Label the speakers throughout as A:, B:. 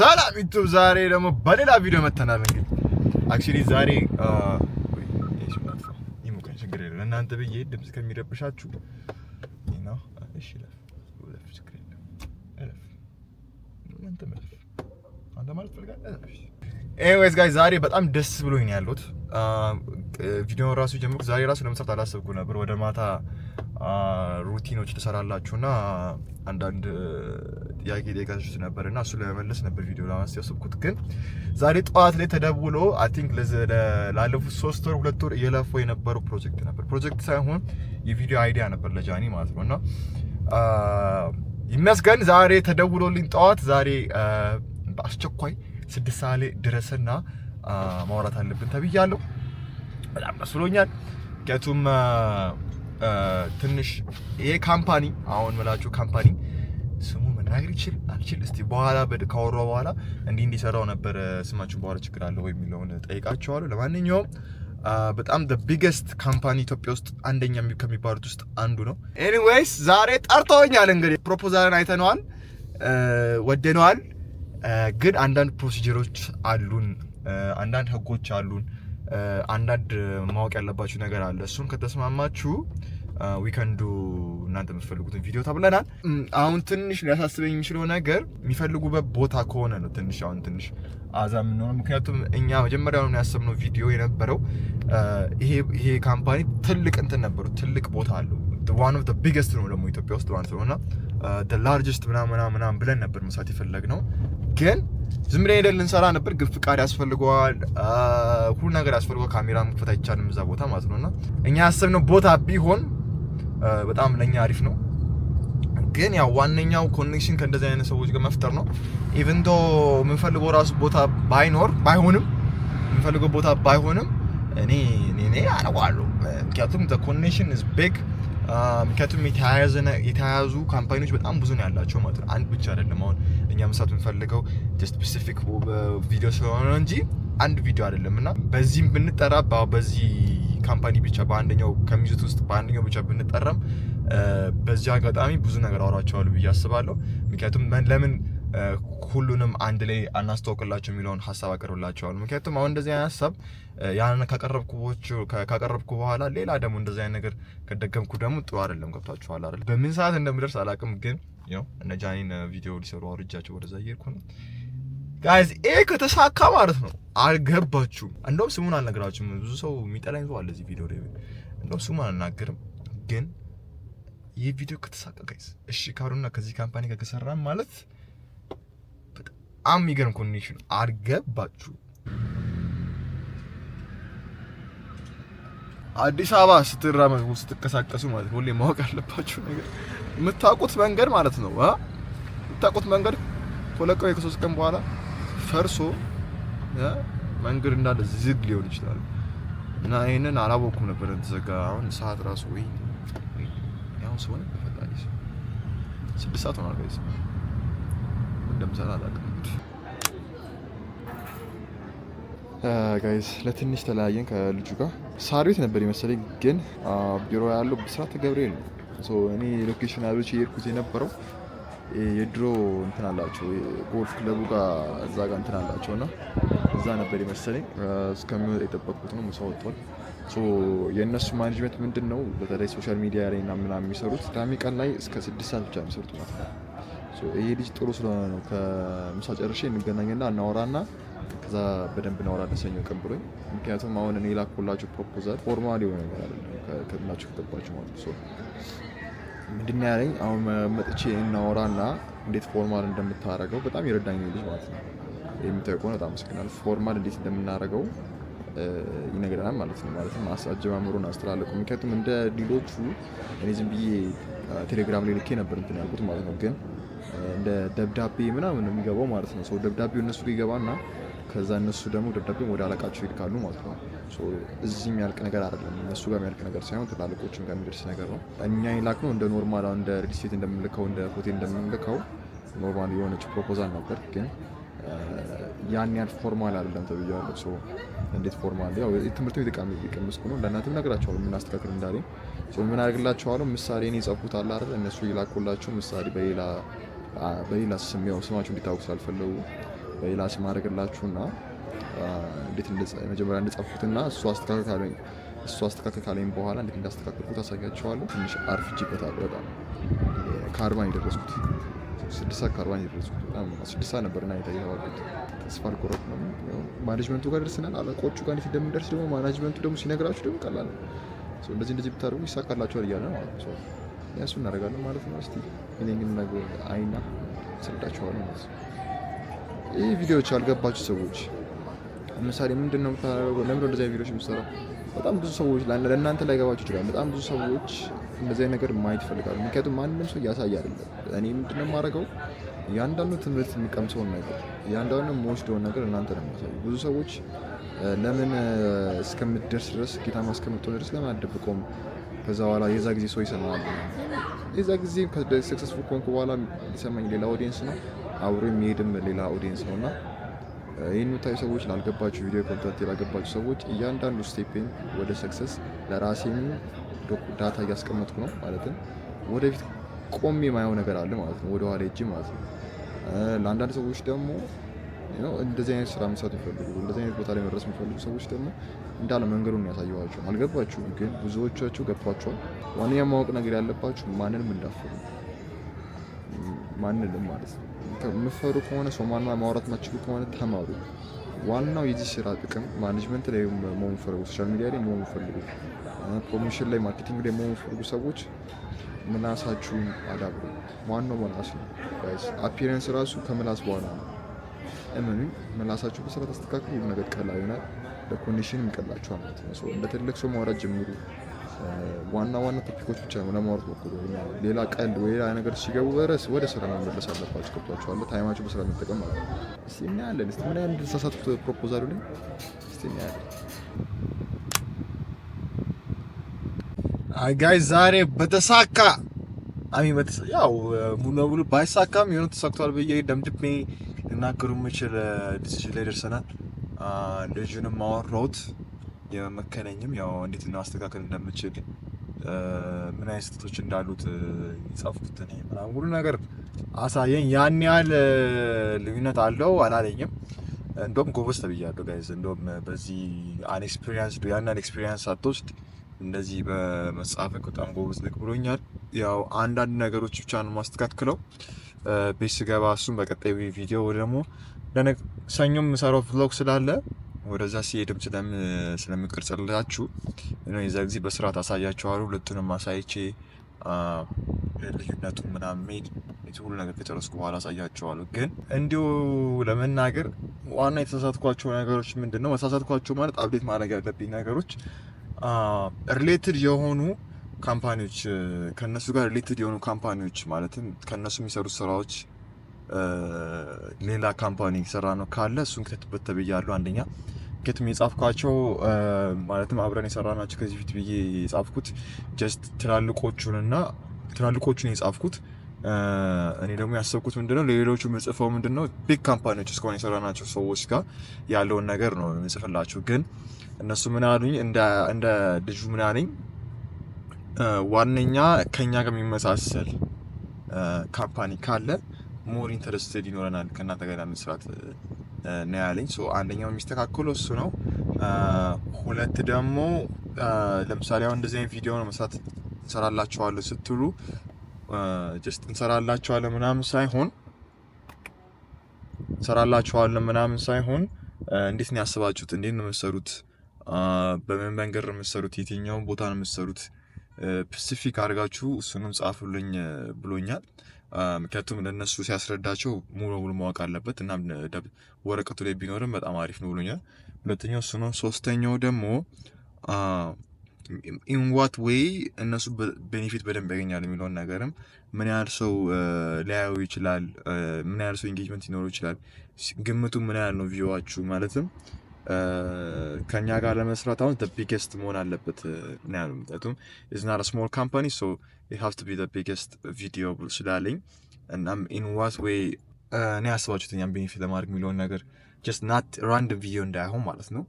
A: ሰላም ዩቱብ፣ ዛሬ ደግሞ በሌላ ቪዲዮ መተናል። እንግዲህ አክቹሊ ዛሬ ይሞቀን ችግር የለም እናንተ ብዬ ድምፅ ከሚረብሻችሁ ኤኒዌይስ ጋይ ዛሬ በጣም ደስ ብሎኝ ያሉት ቪዲዮውን ራሱ ጀምሮ ዛሬ ራሱ ለመስራት አላሰብኩ ነበር ወደ ማታ ሩቲኖች ትሰራላችሁና አንዳንድ ጥያቄ ጠይቃችሁት ነበር እና እሱ ለመመለስ ነበር ቪዲዮ ለማንስ ያስብኩት። ግን ዛሬ ጠዋት ላይ ተደውሎ አይ ቲንክ ላለፉት ሶስት ወር ሁለት ወር እየለፉ የነበረው ፕሮጀክት ነበር ፕሮጀክት ሳይሆን የቪዲዮ አይዲያ ነበር ለጃኒ ማለት ነው እና ይመስገን ዛሬ ተደውሎልኝ ጠዋት ዛሬ በአስቸኳይ ስድስት ሰዓት ላይ ድረስና ማውራት አለብን ተብያለሁ። በጣም ደስ ብሎኛል። ምክንያቱም ትንሽ ይሄ ካምፓኒ አሁን ምላችሁ ካምፓኒ ስሙ መናገር ይችል አልችል እስቲ በኋላ ካወራ በኋላ እንዲህ እንዲሰራው ነበር ስማችሁን በኋላ ችግር አለ ወይ የሚለውን ጠይቃቸዋለሁ። ለማንኛውም በጣም ደ ቢገስት ካምፓኒ ኢትዮጵያ ውስጥ አንደኛ ከሚባሉት ውስጥ አንዱ ነው። ኤኒዌይስ ዛሬ ጠርተውኛል። እንግዲህ ፕሮፖዛልን አይተነዋል፣ ወደነዋል። ግን አንዳንድ ፕሮሲጀሮች አሉን፣ አንዳንድ ህጎች አሉን አንዳንድ ማወቅ ያለባችሁ ነገር አለ። እሱን ከተስማማችሁ ዊከንዱ እናንተ የምትፈልጉትን ቪዲዮ ተብለናል። አሁን ትንሽ ሊያሳስበኝ የሚችለው ነገር የሚፈልጉበት ቦታ ከሆነ ነው። ትንሽ አሁን ትንሽ አዛ የምንሆነ ምክንያቱም እኛ ነው ያሰብነው ቪዲዮ የነበረው ይሄ ካምፓኒ ትልቅ እንትን ነበሩ፣ ትልቅ ቦታ አለው ዋን ኦፍ ቢገስት ነው ደግሞ ኢትዮጵያ ውስጥ ማለት ነው እና ላርጅስት ምናምና ምናም ብለን ነበር መስራት ነው፣ ግን ዝም ብለን ሄደን ልንሰራ ነበር። ግን ፍቃድ ያስፈልገዋል፣ uh, ሁሉ ነገር ያስፈልገዋል። ካሜራ መክፈት አይቻልም እዛ ቦታ ማለት ነው እና እኛ ያሰብነው ቦታ ቢሆን uh, በጣም ለእኛ አሪፍ ነው። ግን ያው ዋነኛው ኮኔክሽን ከእንደዚህ አይነት ሰዎች ጋር መፍጠር ነው። ኢቨንቶ የምንፈልገው ራሱ ቦታ ባይኖር ባይሆንም የምንፈልገው ቦታ ባይሆንም እኔ እኔ አነዋለሁ ምክንያቱም ኮኔክሽን ኢዝ ቢግ ምክንያቱም የተያያዙ ካምፓኒዎች በጣም ብዙ ነው ያላቸው ማለት ነው። አንድ ብቻ አይደለም። አሁን እኛ መስራት የምንፈልገው ስፔሲፊክ ቪዲዮ ስለሆነ እንጂ አንድ ቪዲዮ አይደለም እና በዚህም ብንጠራ በዚህ ካምፓኒ ብቻ በአንደኛው ከሚዙት ውስጥ በአንደኛው ብቻ ብንጠራም በዚህ አጋጣሚ ብዙ ነገር አውራቸዋሉ ብዬ አስባለሁ። ምክንያቱም ለምን ሁሉንም አንድ ላይ አናስተዋውቅላቸው የሚለውን ሀሳብ አቀርብላቸዋል። ምክንያቱም አሁን እንደዚህ አይነት ሀሳብ ያንን ካቀረብኩ ካቀረብኩ በኋላ ሌላ ደግሞ እንደዚህ አይነት ነገር ከደገምኩ ደግሞ ጥሩ አይደለም። ገብታችኋል አይደል? በምን ሰዓት እንደምደርስ አላውቅም፣ ግን ያው እነ ጃኒን ቪዲዮ ሊሰሩ አውርጃቸው ወደዛ እየሄድኩ ነው ጋይዝ። ይሄ ከተሳካ ማለት ነው። አልገባችሁም? እንደውም ስሙን አልነግራችሁም። ብዙ ሰው የሚጠላኝ ሰው አለ እዚህ ቪዲዮ ላይ። እንደውም ስሙን አልናገርም፣ ግን ይህ ቪዲዮ ከተሳካ ጋይዝ፣ እሺ ካሉና ከዚህ ካምፓኒ ጋር ከሰራን ማለት በጣም የሚገርም ኮንዲሽን አልገባችሁ። አዲስ አበባ ስትራመዱ ስትንቀሳቀሱ ማለት ሁሌ ማወቅ ያለባችሁ ነገር የምታውቁት መንገድ ማለት ነው። የምታውቁት መንገድ ከሁለት ቀን ከሶስት ቀን በኋላ ፈርሶ መንገድ እንዳለ ዝግ ሊሆን ይችላል እና ይህንን አላወኩም ነበር ተዘጋ። አሁን ሰዓት ራሱ ወይ አሁን ሲሆን በፈጣሪ ስድስት ሰዓት ሆኗል። እንደምሰራ አላውቅም። ጋይዝ ለትንሽ ተለያየን ከልጁ ጋር ሳር ቤት ነበር የመሰለኝ፣ ግን ቢሮ ያለው ብስራት ገብርኤል ነው። እኔ ሎኬሽን አብሮች የሄድኩት የነበረው የድሮ እንትን አላቸው ጎልፍ ክለቡ ጋር እዛ ጋር እንትን አላቸው እና እዛ ነበር የመሰለኝ። እስከሚወጣ የጠበቅኩት ነው። ምሳ ወጥቷል። የእነሱ ማኔጅመንት ምንድን ነው፣ በተለይ ሶሻል ሚዲያ ላይ እና ምናምን የሚሰሩት ቅዳሜ ቀን ላይ እስከ ስድስት ሰዓት ብቻ የሚሰሩት ማለት ነው ይሄ ልጅ ጥሩ ስለሆነ ነው ከምሳ ጨርሼ እንገናኝና እናወራና ከዛ በደንብ እናወራለን ሰኞ ቀን ብሎኝ። ምክንያቱም አሁን እኔ ላኩላችሁ ፕሮፖዛል ፎርማል የሆነ ነገር አይደለም። ከብናችሁ ከገባችሁ ማለት ነው። ምንድን ያለኝ አሁን መጥቼ እናወራና እንዴት ፎርማል እንደምታደርገው በጣም ይረዳኝ ልጅ ማለት ነው። የሚታዩ ከሆነ በጣም አመሰግናለሁ። ፎርማል እንዴት እንደምናደርገው ይነግረናል ማለት ነው። ማለትም አጀማመሩን አስተላለቁ። ምክንያቱም እንደ ሌሎቹ እኔ ዝም ብዬ ቴሌግራም ላይ ልኬ ነበር እንትን ያልኩት ማለት ነው ግን እንደ ደብዳቤ ምናምን ነው የሚገባው ማለት ነው። ደብዳቤው እነሱ ጋር ይገባና ከዛ እነሱ ደግሞ ደብዳቤ ወደ አለቃቸው ይልካሉ ማለት ነው። እዚህ የሚያልቅ ነገር አይደለም፣ እነሱ ጋር የሚያልቅ ነገር ሳይሆን ትላልቆችን ጋር የሚደርስ ነገር ነው። እኛ ይላክ ነው እንደ ኖርማል እንደ ሪልስቴት እንደምንልከው እንደ ሆቴል እንደምንልከው ኖርማል የሆነች ፕሮፖዛል ነበር ግን ያን ያህል ፎርማል አይደለም ተብያለሁ። ሶ እንዴት ፎርማል ያው ትምህርት ቤት ቃሚ ቢቀመስኩ ነው ለእናንተም ነግራቸዋለሁ የምናስተካክል እንዳለኝ ምን አድርግላቸዋለሁ ምሳሌ እኔ የጻፍኩት አለ አይደል እነሱ ይላኩላቸው ምሳሌ በሌላ በሌላ ስም ያው ስማችሁ እንዲታወቅ ስላልፈለጉ በሌላ ስም አደረግላችሁና እንዴት መጀመሪያ እንደጻፍኩትና እሱ አስተካከካለኝ እሱ አስተካከካለኝ በኋላ እንዴት እንዳስተካከልኩት አሳያችኋለሁ። ትንሽ አርፍጄበታለሁ። በጣም ከአርባ የደረስኩት። ስድስት ከአርባ ነው የደረስኩት። ስድስት ነበር እና የተባልኩት ተስፋ አልቆረጥኩም። ማኔጅመንቱ ጋር ደርስናል። አለቆቹ ጋር እንዴት እንደምንደርስ ደግሞ ማኔጅመንቱ ደግሞ ሲነግራችሁ ደግሞ ቀላል ነው። እንደዚህ እንደዚህ ብታደርጉ ይሳካላችኋል እያለ ነው ማለት ነው። እሱን እናደርጋለን ማለት ነው እስኪ እኔ ግን ነገር አይና ሰዳችኋለሁ ማለት ነው። ይህ ቪዲዮዎች ያልገባችሁ ሰዎች ለምሳሌ ምንድን ነው የምታደርገው? ለምን ወደዚያ ቪዲዮዎች የምትሰራው? በጣም ብዙ ሰዎች ለእናንተ ላይ ገባችሁ ይችላል። በጣም ብዙ ሰዎች እንደዚህ ነገር ማየት ይፈልጋሉ። ምክንያቱም ማንም ሰው እያሳየ አይደለም። እኔ ምንድነው ነው የማደርገው? እያንዳንዱ ትምህርት የሚቀምሰውን ነገር፣ እያንዳንዱ የምወስደውን ነገር እናንተ ነው የማሳየው። ብዙ ሰዎች ለምን እስከምትደርስ ድረስ ጌታማ እስከምትሆን ድረስ ለምን አደብቆም ከዛ በኋላ የዛ ጊዜ ሰው ይሰማል። የዛ ጊዜ ሰክሰስፉል ከሆንኩ በኋላ የሚሰማኝ ሌላ ኦዲየንስ ነው፣ አብሮ የሚሄድም ሌላ ኦዲየንስ ነው እና ይህን የምታዩ ሰዎች ላልገባችሁ፣ ቪዲዮ ኮንተንት ላልገባችሁ ሰዎች እያንዳንዱ ስቴፔን ወደ ሰክሰስ ለራሴም ዳታ እያስቀመጥኩ ነው። ማለትም ወደፊት ቆሜ የማየው ነገር አለ ማለት ነው፣ ወደኋላ እጅ ማለት ነው። ለአንዳንድ ሰዎች ደግሞ እንደዚህ አይነት ስራ መስራት የሚፈልጉ እንደዚህ አይነት ቦታ ላይ መድረስ የሚፈልጉ ሰዎች ደግሞ እንዳለ መንገዱን ያሳየኋቸው። አልገባችሁም፣ ግን ብዙዎቻችሁ ገብቷቸዋል። ዋነኛ ማወቅ ነገር ያለባችሁ ማንንም እንዳፈሩ ማንንም ማለት ነው። የምትፈሩ ከሆነ ሰው ማንማ ማውራት ማችሉ ከሆነ ተማሩ። ዋናው የዚህ ስራ ጥቅም ማኔጅመንት ላይ መሆን ፈልጉ፣ ሶሻል ሚዲያ ላይ መሆን ፈልጉ፣ ፕሮሞሽን ላይ ማርኬቲንግ ላይ መሆን ፈልጉ ሰዎች ምላሳችሁን አዳብሩ። ዋናው መላስ ነው። አፒረንስ ራሱ ከምላስ በኋላ ነው። እመኑኝ መላሳችሁ በስራት አስተካክሉ። ሁሉ ነገር ቀላል ይሆናል። ለኮንዲሽን ይቀላችኋል ማለት ነው። እንደ ትልቅ ሰው ማውራት ጀምሩ። ዋና ዋና ቶፒኮች ብቻ ነው ለማውራት ሞክሩ። ሌላ ቀልድ ወይ ሌላ ነገር ሲገቡ በረስ ወደ ስራ መመለስ አለባችሁ። ገብቷችኋል። ታይማችሁ በስራ መጠቀም ማለት ነው። እስቲ እናያለን። እስቲ ምን ያህል እንደተሳሳትኩት ፕሮፖዛሉ ላይ እስቲ እናያለን። አይ ጋይ ዛሬ በተሳካ አሚ ያው ሙሉ ለሙሉ ባይሳካም የሆነ ተሳክቷል ብዬ ደምድሜ ልናገሩ የምችል ዲሲዥን ላይ ደርሰናል። ልጁንም አወራሁት የመከለኝም ያው እንዴት ማስተካከል እንደምችል ምን አይነት ስህተቶች እንዳሉት የጻፍኩት ምናምን ሁሉ ነገር አሳየኝ። ያን ያህል ልዩነት አለው አላለኝም። እንደውም ጎበዝ ተብያለሁ ጋይዝ። እንደውም በዚህ አንኤክስፒሪንስ ያንን ኤክስፒሪንስ አትወስድ እንደዚህ በመጻፍ በጣም ጎበዝ ልክ ብሎኛል። ያው አንዳንድ ነገሮች ብቻ ነው ማስተካክለው ቤት ስገባ እሱም በቀጣይ ቪዲዮ ደግሞ ሰኞም ምሰራው ቭሎግ ስላለ ወደዛ ሲሄድም ስለምቀርጽላችሁ የዛ ጊዜ በስርዓት አሳያችኋለሁ። ሁለቱንም አሳይቼ ልዩነቱ ምናምን ሜድ ሁሉ ነገር ከጨረስኩ በኋላ አሳያችኋለሁ። ግን እንዲሁ ለመናገር ዋና የተሳሳትኳቸው ነገሮች ምንድን ነው? መሳሳትኳቸው ማለት አብዴት ማድረግ ያለብኝ ነገሮች ሪሌትድ የሆኑ ካምፓኒዎች ከነሱ ጋር ሪሌትድ የሆኑ ካምፓኒዎች ማለትም ከነሱ የሚሰሩት ስራዎች ሌላ ካምፓኒ ሰራ ነው ካለ እሱን ክትበት ተብያለሁ። አንደኛ ምክንያቱም የጻፍኳቸው ማለትም አብረን የሰራ ናቸው ከዚህ ፊት ብዬ የጻፍኩት ጀስት ትላልቆቹንና ትላልቆቹን የጻፍኩት እኔ ደግሞ ያሰብኩት ምንድነው ለሌሎቹ የምጽፈው ምንድነው ቢግ ካምፓኒዎች እስካሁን የሰራናቸው ሰዎች ጋር ያለውን ነገር ነው የምጽፍላችሁ። ግን እነሱ ምን አሉኝ እንደ ልጁ ምን አለኝ ዋነኛ ከኛ ጋር የሚመሳሰል ካምፓኒ ካለ ሞር ኢንተረስትድ ይኖረናል ከእናንተ ጋር ለመስራት ነው ያለኝ። አንደኛው የሚስተካከለው እሱ ነው። ሁለት ደግሞ ለምሳሌ አሁን እንደዚህ አይነት ቪዲዮ ነው መስራት እንሰራላችኋለሁ ስትሉ ጀስት እንሰራላችኋለን ምናምን ሳይሆን እንሰራላችኋለን ምናምን ሳይሆን እንዴት ነው ያስባችሁት? እንዴት ነው የምትሰሩት? በምን መንገድ ነው የምትሰሩት? የትኛውን ቦታ ነው የምትሰሩት ፔሲፊክ አድርጋችሁ እሱንም ጻፉልኝ ብሎኛል። ምክንያቱም ለእነሱ ሲያስረዳቸው ሙሉ በሙሉ ማወቅ አለበት እና ወረቀቱ ላይ ቢኖርም በጣም አሪፍ ነው ብሎኛል። ሁለተኛው እሱ ነው። ሶስተኛው ደግሞ ኢንዋት ዌይ እነሱ ቤኔፊት በደንብ ያገኛል የሚለውን ነገርም ምን ያህል ሰው ሊያዩ ይችላል፣ ምን ያህል ሰው ኢንጌጅመንት ሊኖረው ይችላል፣ ግምቱ ምን ያህል ነው ቪዋችሁ ማለትም ከእኛ ጋር ለመስራት አሁን ቢገስት መሆን አለበት ነው ያሉ። ምክንያቱም ኢዝናር ስሞል ካምፓኒ ሶ ሀቭ ቢ ቢገስት ቪዲዮ ስላለኝ እናም ኢን ዋት ዌይ እኔ ያስባችሁት እኛም ቤኔፊት ለማድረግ የሚለውን ነገር ጀስት ናት ራንድ ቪዲዮ እንዳይሆን ማለት ነው።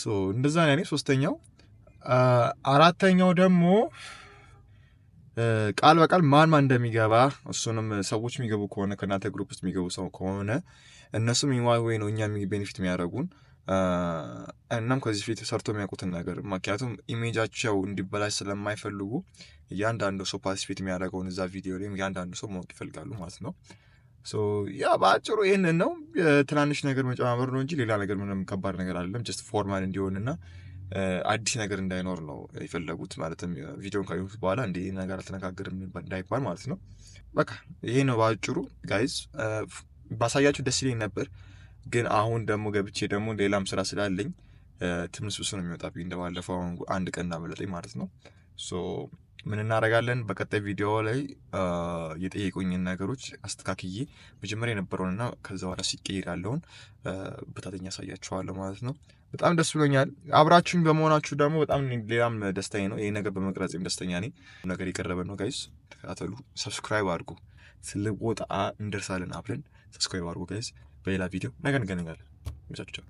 A: ሶ እንደዛ ነው ያኔ ሶስተኛው። አራተኛው ደግሞ ቃል በቃል ማን ማን እንደሚገባ እሱንም ሰዎች የሚገቡ ከሆነ ከእናንተ ግሩፕ ውስጥ የሚገቡ ሰው ከሆነ እነሱም ኢንዋ ወይ ነው እኛ ቤኒፊት የሚያደርጉን እናም ከዚህ ፊት ሰርቶ የሚያውቁትን ነገር ምክንያቱም ኢሜጃቸው እንዲበላሽ ስለማይፈልጉ እያንዳንዱ ሰው ፓርቲስፔት የሚያደርገውን እዛ ቪዲዮ ላይም እያንዳንዱ ሰው ማወቅ ይፈልጋሉ ማለት ነው። ያ በአጭሩ ይህንን ነው። ትናንሽ ነገር መጨማመር ነው እንጂ ሌላ ነገር ምንም ከባድ ነገር አይደለም። ጀስት ፎርማል እንዲሆንና አዲስ ነገር እንዳይኖር ነው የፈለጉት። ማለትም ቪዲዮን ካዩት በኋላ እንዲ ነገር አልተነጋገርም እንዳይባል ማለት ነው። በቃ ይሄ ነው በአጭሩ ጋይዝ። ባሳያችሁ ደስ ይለኝ ነበር ግን አሁን ደግሞ ገብቼ ደግሞ ሌላም ስራ ስላለኝ ትምስብስ ነው የሚወጣብኝ። እንደባለፈው አንድ ቀን እናመለጠኝ ማለት ነው። ሶ ምን እናደርጋለን? በቀጣይ ቪዲዮ ላይ የጠየቁኝን ነገሮች አስተካክዬ መጀመሪያ የነበረውንና ከዛ በኋላ ሲቀይር ያለውን በታተኛ ያሳያችኋለሁ ማለት ነው። በጣም ደስ ብሎኛል አብራችሁኝ በመሆናችሁ ደግሞ በጣም ሌላም ደስተኛ ነው። ይህ ነገር በመቅረጽም ደስተኛ ነኝ። ነገር የቀረበ ነው። ጋይስ ተከታተሉ፣ ሰብስክራይብ አድርጉ። ስልወጣ እንደርሳለን። አብረን ሰብስክራይብ አድርጉ ጋይስ። በሌላ ቪዲዮ ነገ እንገናኛለን። ሚሳችሁ